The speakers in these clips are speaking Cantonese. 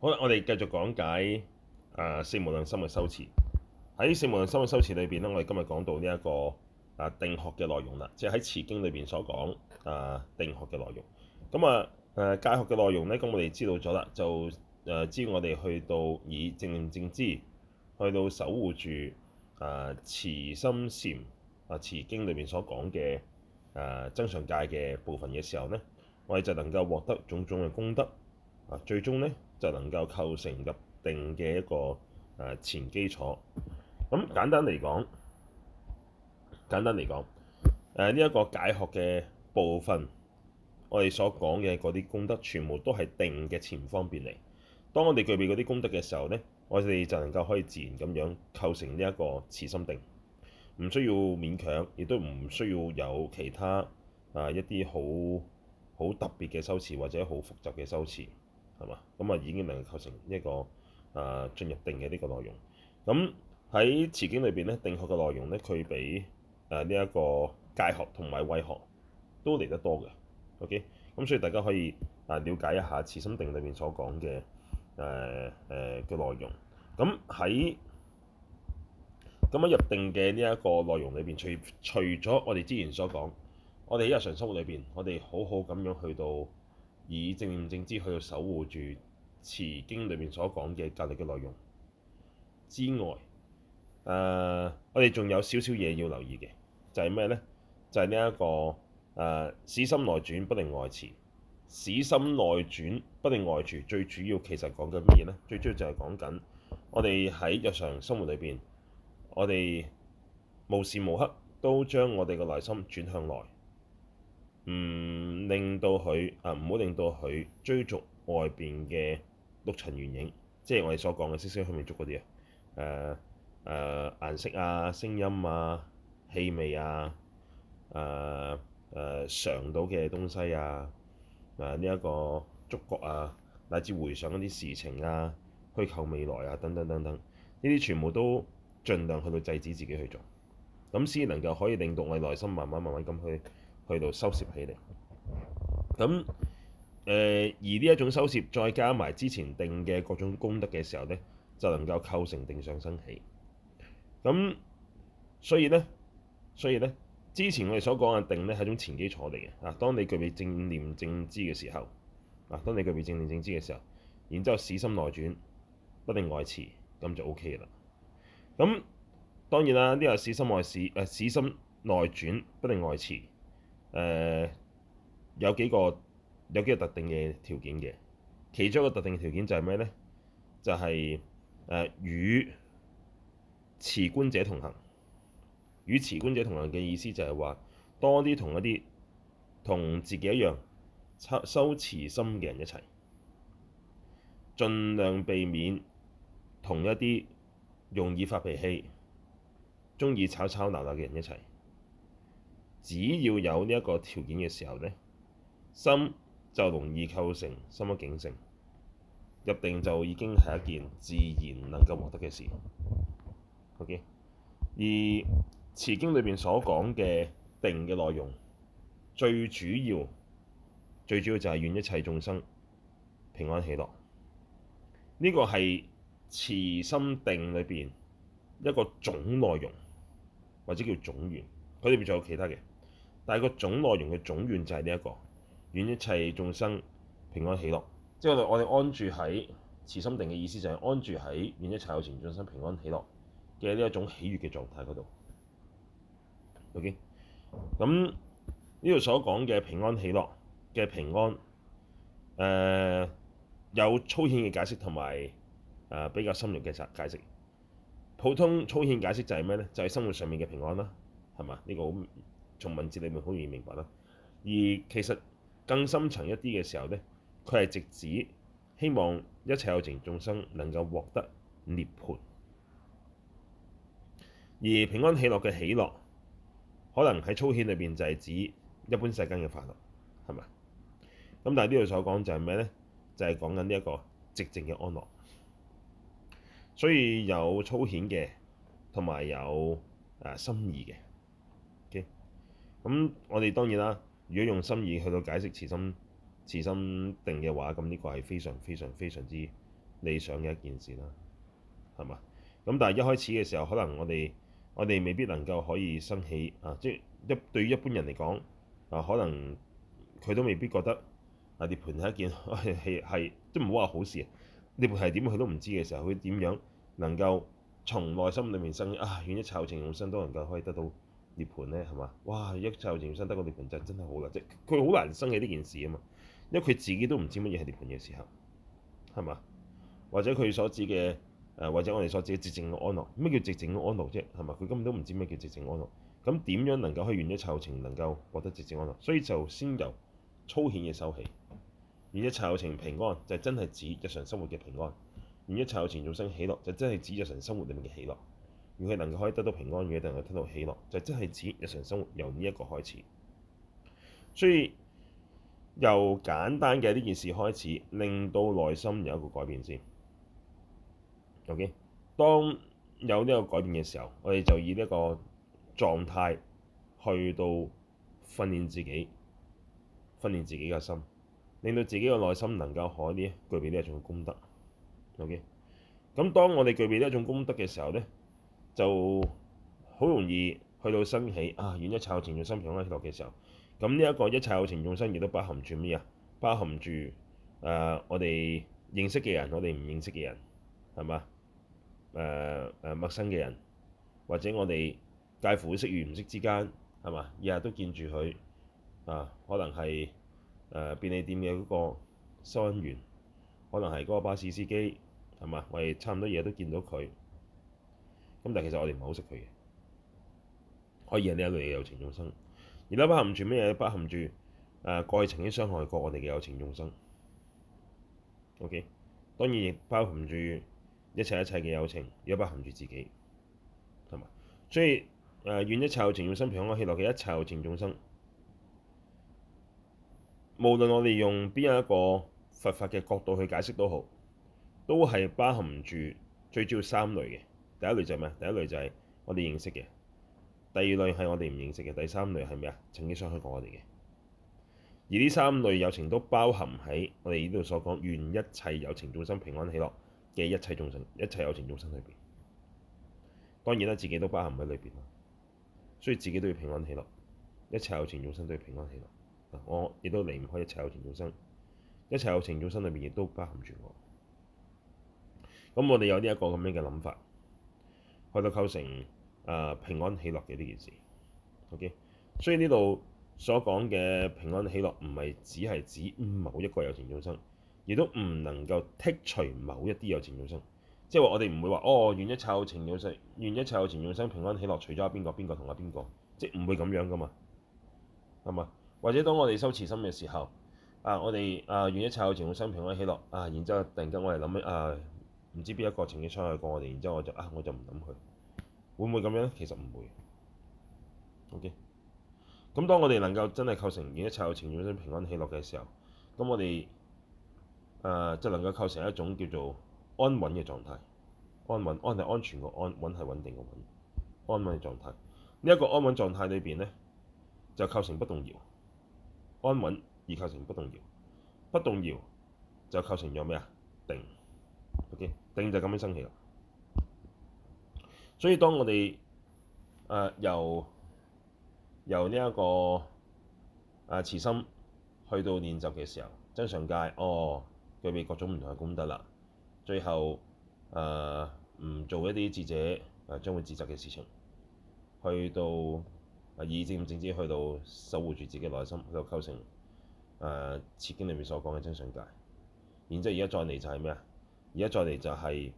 好啦，我哋繼續講解誒、呃、四無量心嘅修持。喺四無量心嘅修持裏邊咧，我哋今日講到呢、這、一個誒、啊、定學嘅內容啦，即係喺《慈經》裏邊所講誒、啊、定學嘅內容。咁啊誒戒學嘅內容咧，咁我哋知道咗啦，就誒知、啊、我哋去到以正念正知去到守護住誒、啊、慈心禪啊，《慈經》裏邊所講嘅誒增上戒嘅部分嘅時候咧，我哋就能夠獲得種種嘅功德啊，最終咧。就能夠構成入定嘅一個誒前基礎。咁簡單嚟講，簡單嚟講，誒呢一個解學嘅部分，我哋所講嘅嗰啲功德，全部都係定嘅前方便嚟。當我哋具備嗰啲功德嘅時候呢，我哋就能夠可以自然咁樣構成呢一個慈心定，唔需要勉強，亦都唔需要有其他啊一啲好好特別嘅修持，或者好複雜嘅修持。係嘛？咁啊、嗯、已經能夠構成一個啊、呃、進入定嘅呢個內容。咁喺慈經裏邊咧，定學嘅內容咧，佢比誒呢一個戒學同埋慧學都嚟得多嘅。OK，咁、嗯、所以大家可以啊、呃、了解一下慈心定裏邊所講嘅誒誒嘅內容。咁喺咁啊入定嘅呢一個內容裏邊，除除咗我哋之前所講，我哋喺日常生活裏邊，我哋好好咁樣去到，以正念正知去守護住《慈經》裏面所講嘅隔離嘅內容之外，誒、啊，我哋仲有少少嘢要留意嘅，就係、是、咩呢？就係呢一個誒，使、啊、心內轉不令外馳，使、啊、心內轉,、啊、心內轉不令外馳。最主要其實講緊乜嘢呢？最主要就係講緊我哋喺日常生活裏邊，我哋無時無刻都將我哋嘅內心轉向內。唔、嗯、令到佢啊，唔好令到佢追逐外邊嘅六塵緣影，即係我哋所講嘅色色去面觸嗰啲啊。誒誒，顏色啊、聲音啊、氣味啊、誒誒，嘗到嘅東西啊，啊呢一、啊這個觸覺啊，乃至回想嗰啲事情啊、虛構未來啊等等等等，呢啲全部都盡量去到制止自己去做，咁先能夠可以令到我哋內心慢慢慢慢咁去。去到收攝起嚟，咁誒、呃、而呢一種收攝，再加埋之前定嘅各種功德嘅時候呢，就能夠構成定上生起。咁所以呢，所以呢，之前我哋所講嘅定呢係一種前基礎嚟嘅嗱。當你具備正念正知嘅時候，嗱、啊，當你具備正念正知嘅時候，然之後使心內轉，不定外持，咁就 O K 啦。咁當然啦，呢、這個使心外始誒使心內轉，不定外持。誒、呃、有幾個有幾個特定嘅條件嘅，其中一個特定嘅條件就係咩咧？就係誒與持觀者同行，與持觀者同行嘅意思就係話多啲同一啲同自己一樣修修持心嘅人一齊，盡量避免同一啲容易發脾氣、鍾意吵吵鬧鬧嘅人一齊。只要有呢一個條件嘅時候呢，心就容易構成，心一境性入定就已經係一件自然能夠獲得嘅事。OK，而慈經裏邊所講嘅定嘅內容，最主要最主要就係願一切眾生平安喜樂。呢、這個係慈心定裏邊一個總內容，或者叫總願。佢裏邊仲有其他嘅。但係個總內容嘅總願就係呢一個願一切眾生平安喜樂，即係我我哋安住喺慈心定嘅意思就係安住喺願一切有情眾生平安喜樂嘅呢一種喜悅嘅狀態嗰度。OK，咁呢度所講嘅平安喜樂嘅平安，誒、呃、有粗淺嘅解釋同埋誒比較深入嘅解解釋。普通粗淺解釋就係咩咧？就係、是、生活上面嘅平安啦，係嘛？呢、這個好。從文字裏面好容易明白啦，而其實更深層一啲嘅時候呢，佢係直指希望一切有情眾生能夠獲得涅槃，而平安喜樂嘅喜樂，可能喺粗顯裏邊就係指一般世間嘅快樂，係咪？咁但係呢度所講就係咩呢？就係講緊呢一個寂靜嘅安樂，所以有粗顯嘅，同埋有誒深、啊、意嘅。咁我哋當然啦，如果用心意去到解釋慈心慈心定嘅話，咁呢個係非常非常非常之理想嘅一件事啦，係嘛？咁但係一開始嘅時候，可能我哋我哋未必能夠可以生起啊，即一對於一般人嚟講啊，可能佢都未必覺得啊涅槃係一件係係即唔好話好事啊，涅槃係點佢都唔知嘅時候，佢點樣能夠從內心裡面生啊，用一炒情用身都能夠可以得到。涅槃咧係嘛？哇！一切有情生得個涅槃就真係好難啫！佢好難生起呢件事啊嘛，因為佢自己都唔知乜嘢係涅槃嘅時候，係嘛？或者佢所指嘅誒、呃，或者我哋所指嘅寂靜嘅安樂，咩叫寂靜嘅安樂啫？係嘛？佢根本都唔知咩叫寂靜安樂。咁點樣能夠去願一切有情，能夠獲得寂靜安樂？所以就先由粗顯嘅修起。願一切有情平安就係真係指日常生活嘅平安；願一切有情眾生喜樂就係真係指日常生活裏面嘅喜樂。讓佢能夠可以得到平安嘅，定係聽到喜樂，就即係指日常生活由呢一個開始。所以由簡單嘅呢件事開始，令到內心有一個改變先。OK，當有呢個改變嘅時候，我哋就以呢個狀態去到訓練自己，訓練自己嘅心，令到自己嘅內心能夠好啲，具備呢一種功德。OK，咁當我哋具備呢一種功德嘅時候呢。就好容易去到生起啊，緣一切有情眾生起落嘅時候，咁、啊、呢一個一切有情眾生亦都包含住咩啊？包含住誒、呃、我哋認識嘅人，我哋唔認識嘅人係嘛？誒誒、呃啊、陌生嘅人，或者我哋介乎識與唔識之間係嘛？日日都見住佢啊，可能係誒、呃、便利店嘅嗰個收銀員，可能係嗰個巴士司機係嘛？我哋差唔多日日都見到佢。咁但其實我哋唔係好識佢嘅，可以係呢一類嘅有情眾生。而家包含住咩嘢？包含住誒過去曾經傷害過我哋嘅有情眾生。OK，當然亦包含住一切一切嘅有情，亦都包含住自己係嘛？所以誒、呃，願一切有情眾生，平安、喜樂嘅一切有情眾生，無論我哋用邊一個佛法嘅角度去解釋都好，都係包含住最主要三類嘅。第一類就係咩？第一類就係我哋認識嘅。第二類係我哋唔認識嘅。第三類係咩啊？曾經傷害過我哋嘅。而呢三類有情都包含喺我哋呢度所講，願一切有情眾生平安喜樂嘅一切眾生、一切有情眾生裏邊。當然啦，自己都包含喺裏邊啦，所以自己都要平安喜樂，一切有情眾生都要平安喜樂。我亦都離唔開一切有情眾生，一切有情眾生裏面亦都包含住我。咁我哋有呢一個咁樣嘅諗法去到構成啊、呃、平安喜樂嘅呢件事，OK，所以呢度所講嘅平安喜樂唔係只係指某一個有情眾生，亦都唔能夠剔除某一啲有情眾生，即係話我哋唔會話哦，願一切有情眾生，願一切有情眾生平安喜樂，除咗邊個邊個同阿邊個，即係唔會咁樣噶嘛，係嘛？或者當我哋修慈心嘅時候，啊我哋啊願一切有情眾生平安喜樂啊，然之後突然間我哋諗起啊～唔知邊一個情緒傷害過我哋，然之後我就啊，我就唔諗佢。會唔會咁樣？其實唔會。O.K.，咁當我哋能夠真係構成願一切有情眾生平安喜樂嘅時候，咁我哋誒、呃、就能夠構成一種叫做安穩嘅狀態。安穩，安係安全個安，穩係穩定個穩，安穩狀態。呢、這、一個安穩狀態裏邊呢，就構成不動搖。安穩而構成不動搖，不動搖就構成咗咩啊？定。O.K. 定就咁樣生起啦。所以當我哋誒、呃、由由呢、這、一個啊、呃、慈心去到練習嘅時候，精常界哦，具備各種唔同嘅功德啦。最後誒唔、呃、做一啲智者誒、呃、將會自責嘅事情，去到啊、呃、以至正正知去到守護住自己內心，去到構成誒《慈、呃、經》裏面所講嘅精常界。然之後而家再嚟就係咩啊？而家再嚟就係、是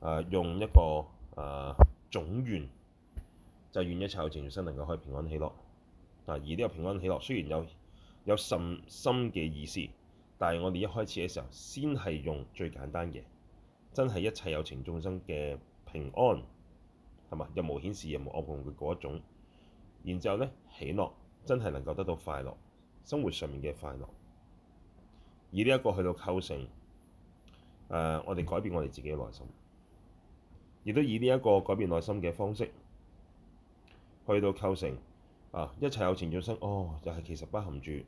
呃、用一個誒、呃、總願，就願、是、一切有情眾生能夠可以平安喜樂。啊！而呢個平安喜樂雖然有有甚深嘅意思，但係我哋一開始嘅時候，先係用最簡單嘅，真係一切有情眾生嘅平安係嘛？又無險事，又無惡夢嘅嗰一種。然之後呢，喜樂真係能夠得到快樂，生活上面嘅快樂。以呢一個去到構成。啊、我哋改變我哋自己嘅內心，亦都以呢一個改變內心嘅方式去到構成啊！一切有情眾生，哦，就係其實包含住誒、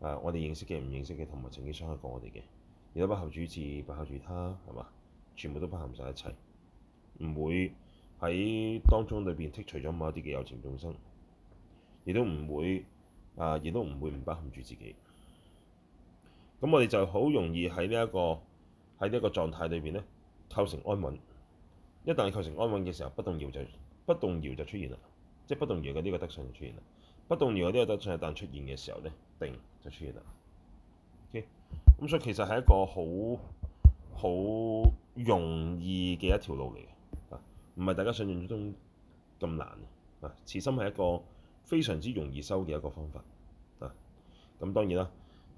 啊、我哋認識嘅、唔認識嘅，同埋曾經傷害過我哋嘅，亦都包含住自、包含住他，係嘛？全部都包含晒一齊，唔會喺當中裏邊剔除咗某一啲嘅有情眾生，亦都唔會啊，亦都唔會唔包含住自己。咁我哋就好容易喺呢一個。喺呢一個狀態裏邊呢，構成安穩。一旦構成安穩嘅時候，不動搖就不動搖就出現啦，即係不動搖嘅呢個德性就出現啦。不動搖嘅呢個德性一旦出現嘅時候呢，定就出現啦。O K，咁所以其實係一個好好容易嘅一條路嚟嘅，啊，唔係大家想象之中咁難啊。啊，慈心係一個非常之容易修嘅一個方法。啊，咁當然啦。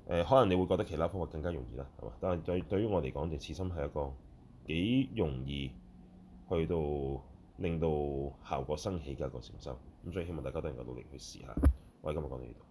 誒、呃，可能你會覺得其他方法更加容易啦，係嘛？但係對對於我嚟講，就慈心係一個幾容易去到令到效果生起嘅一個成就，咁、嗯、所以希望大家都能夠努力去試下。我喺今日講到呢度。